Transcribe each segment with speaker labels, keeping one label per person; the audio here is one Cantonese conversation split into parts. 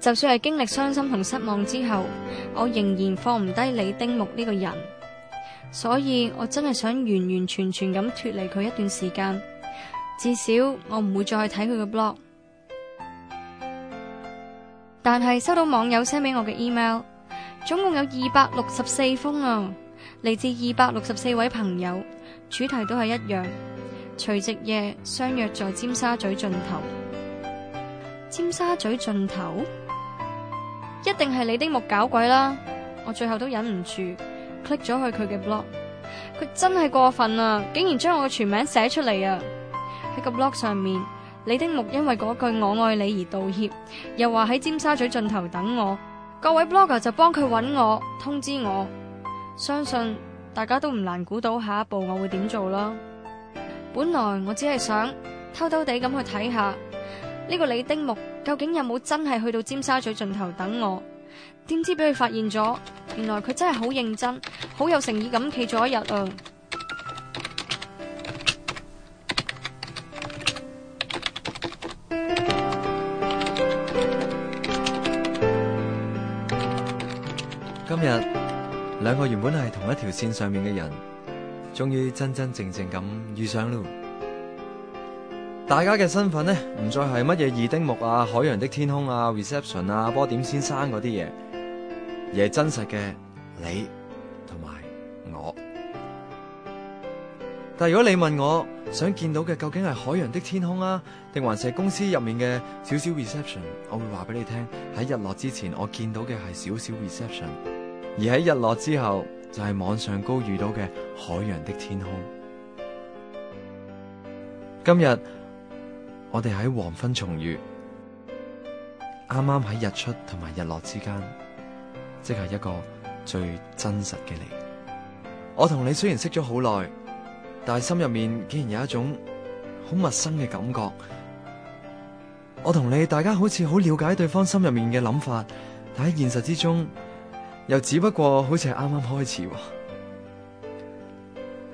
Speaker 1: 就算係經歷傷心同失望之後，我仍然放唔低李丁木呢個人，所以我真係想完完全全咁脫離佢一段時間，至少我唔會再去睇佢嘅 blog。但係收到網友寫俾我嘅 email，總共有二百六十四封啊，嚟自二百六十四位朋友，主題都係一樣，除夕夜相約在尖沙咀盡頭。尖沙咀盡頭？一定係李丁木搞鬼啦！我最後都忍唔住 click 咗去佢嘅 blog，佢真係過分啊！竟然將我嘅全名寫出嚟啊！喺個 blog 上面，李丁木因為嗰句我愛你而道歉，又話喺尖沙咀盡頭等我。各位 blogger 就幫佢揾我，通知我。相信大家都唔難估到下一步我會點做啦。本來我只係想偷偷地咁去睇下。呢個李丁木究竟有冇真係去到尖沙咀盡頭等我？點知俾佢發現咗，原來佢真係好認真、好有誠意咁企咗一日啊！
Speaker 2: 今日兩個原本係同一條線上面嘅人，終於真真正正咁遇上咯。大家嘅身份呢，唔再係乜嘢二丁目啊、海洋的天空啊、reception 啊、波點先生嗰啲嘢，而係真實嘅你同埋我。但如果你問我想見到嘅究竟係海洋的天空啊，定還是公司入面嘅少少 reception，我會話俾你聽：喺日落之前，我見到嘅係少少 reception；而喺日落之後，就係網上高遇到嘅海洋的天空。今日。我哋喺黃昏重遇，啱啱喺日出同埋日落之間，即係一個最真實嘅你。我同你雖然識咗好耐，但係心入面竟然有一種好陌生嘅感覺。我同你大家好似好了解對方心入面嘅諗法，但喺現實之中，又只不過好似係啱啱開始。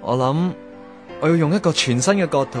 Speaker 2: 我諗我要用一個全新嘅角度。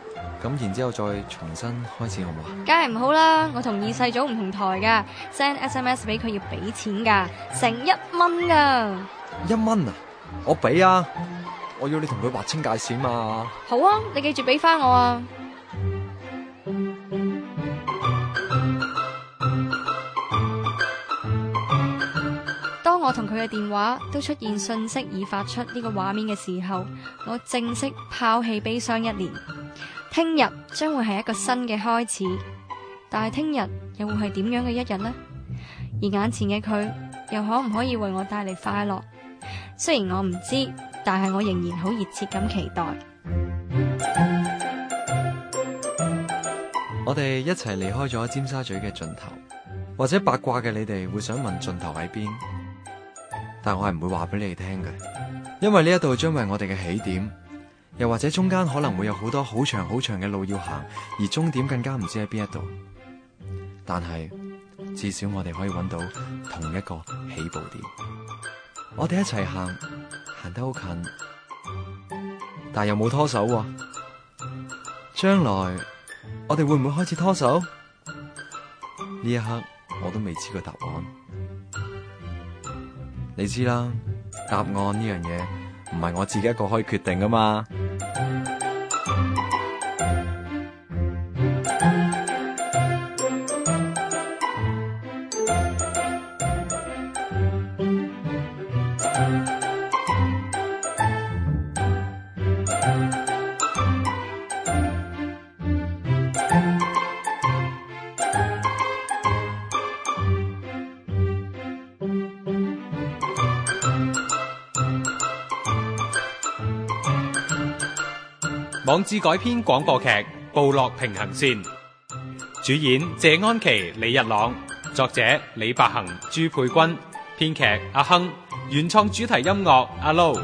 Speaker 2: 咁，然之後再重新開始好唔好啊？
Speaker 1: 梗係唔好啦，我同二世祖唔同台噶，send S M S 俾佢要俾錢噶，成一蚊噶！
Speaker 2: 一蚊啊！我俾啊，我要你同佢劃清界線嘛。
Speaker 1: 好啊，你記住俾翻我啊。當我同佢嘅電話都出現信息已發出呢個畫面嘅時候，我正式拋棄悲傷一年。聽日將會係一個新嘅開始，但係聽日又會係點樣嘅一日呢？而眼前嘅佢又可唔可以為我帶嚟快樂？雖然我唔知，但係我仍然好熱切咁期待。
Speaker 2: 我哋一齊離開咗尖沙咀嘅盡頭，或者八卦嘅你哋會想問盡頭喺邊，但我係唔會話俾你哋聽嘅，因為呢一度將為我哋嘅起點。又或者中間可能會有好多好長好長嘅路要行，而終點更加唔知喺邊一度。但係至少我哋可以揾到同一個起步點，我哋一齊行，行得好近，但又冇拖手啊。將來我哋會唔會開始拖手？呢一刻我都未知個答案。你知啦，答案呢樣嘢唔係我自己一個可以決定噶嘛。網誌改編廣播劇《步落平行線》，主演謝安琪、李日朗，作者李伯恒、朱佩君，編劇阿亨，原創主題音樂阿 Low。